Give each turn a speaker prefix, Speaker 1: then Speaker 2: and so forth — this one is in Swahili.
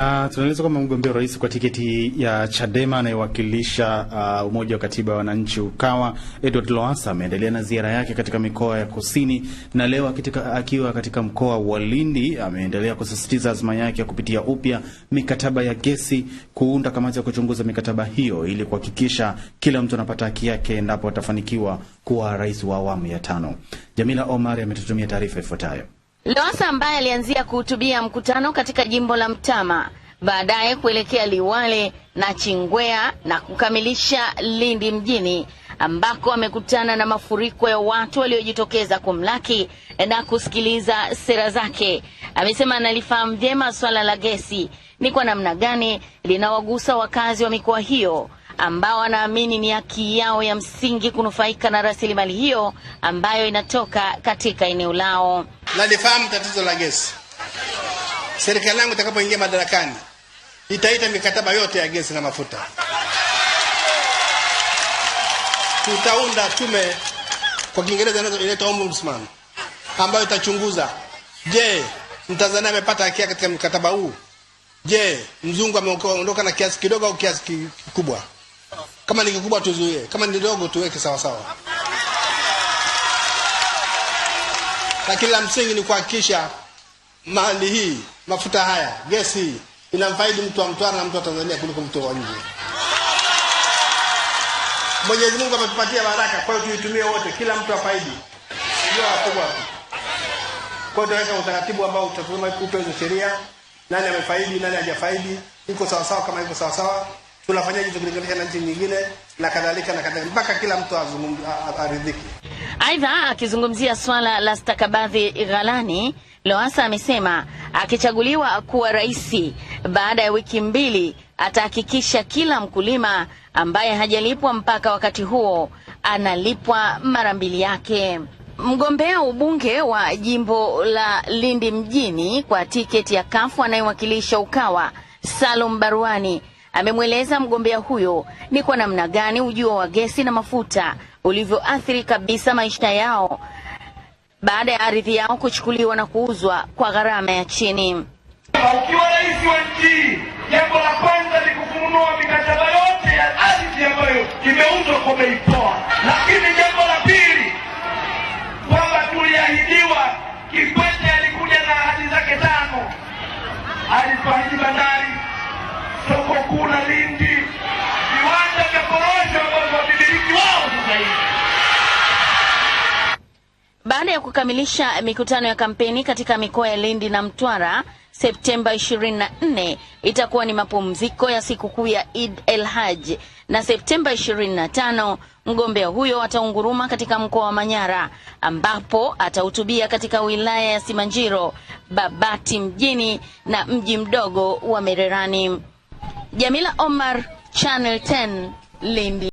Speaker 1: Uh, ah, tunaeleza kwamba mgombea rais kwa tiketi ya Chadema anayewakilisha uh, umoja wa katiba ya wananchi Ukawa, Edward Lowassa ameendelea na ziara yake katika mikoa ya kusini, na leo akitika, akiwa katika mkoa wa Lindi ameendelea kusisitiza azma yake ya kupitia upya mikataba ya gesi, kuunda kamati ya kuchunguza mikataba hiyo ili kuhakikisha kila mtu anapata haki yake endapo atafanikiwa kuwa rais wa awamu ya tano. Jamila Omar ametutumia taarifa ifuatayo.
Speaker 2: Lowassa ambaye alianzia kuhutubia mkutano katika jimbo la Mtama, baadaye kuelekea Liwale na Chingwea na kukamilisha Lindi mjini ambako amekutana na mafuriko ya watu waliojitokeza kumlaki na kusikiliza sera zake. Amesema analifahamu vyema swala la gesi ni kwa namna gani linawagusa wakazi wa mikoa hiyo ambao wanaamini ni haki yao ya msingi kunufaika na rasilimali hiyo ambayo inatoka katika eneo lao.
Speaker 3: Nalifahamu tatizo la gesi. Serikali yangu itakapoingia madarakani, itaita mikataba yote ya gesi na mafuta. Tutaunda tume, kwa Kiingereza inaitwa ombudsman, ambayo itachunguza, je, Mtanzania amepata haki yake katika mkataba huu? Je, mzungu ameondoka na kiasi kidogo au kiasi kikubwa? Kama ni kikubwa tuzuie, kama ni ndogo tuweke sawa sawa, lakini la msingi ni kuhakikisha mali hii, mafuta haya, gesi hii inamfaidi mtu wa Mtwara na mtu wa Tanzania kuliko mtu wa nje. Mwenyezi Mungu ametupatia baraka, kwa hiyo tuitumie wote, kila mtu afaidi, sio wakubwa tu. Kwa hiyo tunaweka utaratibu ambao utatuma upe hizo sheria, nani amefaidi, nani hajafaidi, iko sawa sawa, kama iko sawa sawa tunafanyaje hizo kulinganisha na nchi nyingine na kadhalika na kadhalika, mpaka kila mtu aridhiki.
Speaker 2: Aidha, akizungumzia swala la stakabadhi ghalani, Lowassa amesema akichaguliwa kuwa rais baada ya wiki mbili atahakikisha kila mkulima ambaye hajalipwa mpaka wakati huo analipwa mara mbili yake. Mgombea ubunge wa jimbo la Lindi mjini kwa tiketi ya kafu anayewakilisha Ukawa, Salum Barwani amemweleza mgombea huyo ni kwa namna gani ujio wa gesi na mafuta ulivyoathiri kabisa maisha yao baada ya ardhi yao kuchukuliwa na kuuzwa kwa gharama ya chini.
Speaker 4: Ukiwa rais wa nchi, jambo la kwanza ni kufunua mikataba yote ya ardhi ambayo imeuzwa kwa bei poa, lakini jambo la pili kwamba tuliahidiwa. Kikwete alikuja na ahadi zake tano, alituahidi bandari soko kuu la Lindi, viwanja vya korosho ambavyo wamiliki wao sasa hivi.
Speaker 2: Baada ya kukamilisha mikutano ya kampeni katika mikoa ya Lindi na Mtwara, Septemba 24 itakuwa ni mapumziko ya sikukuu ya Eid el Hajj, na Septemba 25 mgombea huyo ataunguruma katika mkoa wa Manyara ambapo atahutubia katika wilaya ya Simanjiro, Babati mjini na mji mdogo wa Mererani. Jamila Omar, Channel 10, Lindi.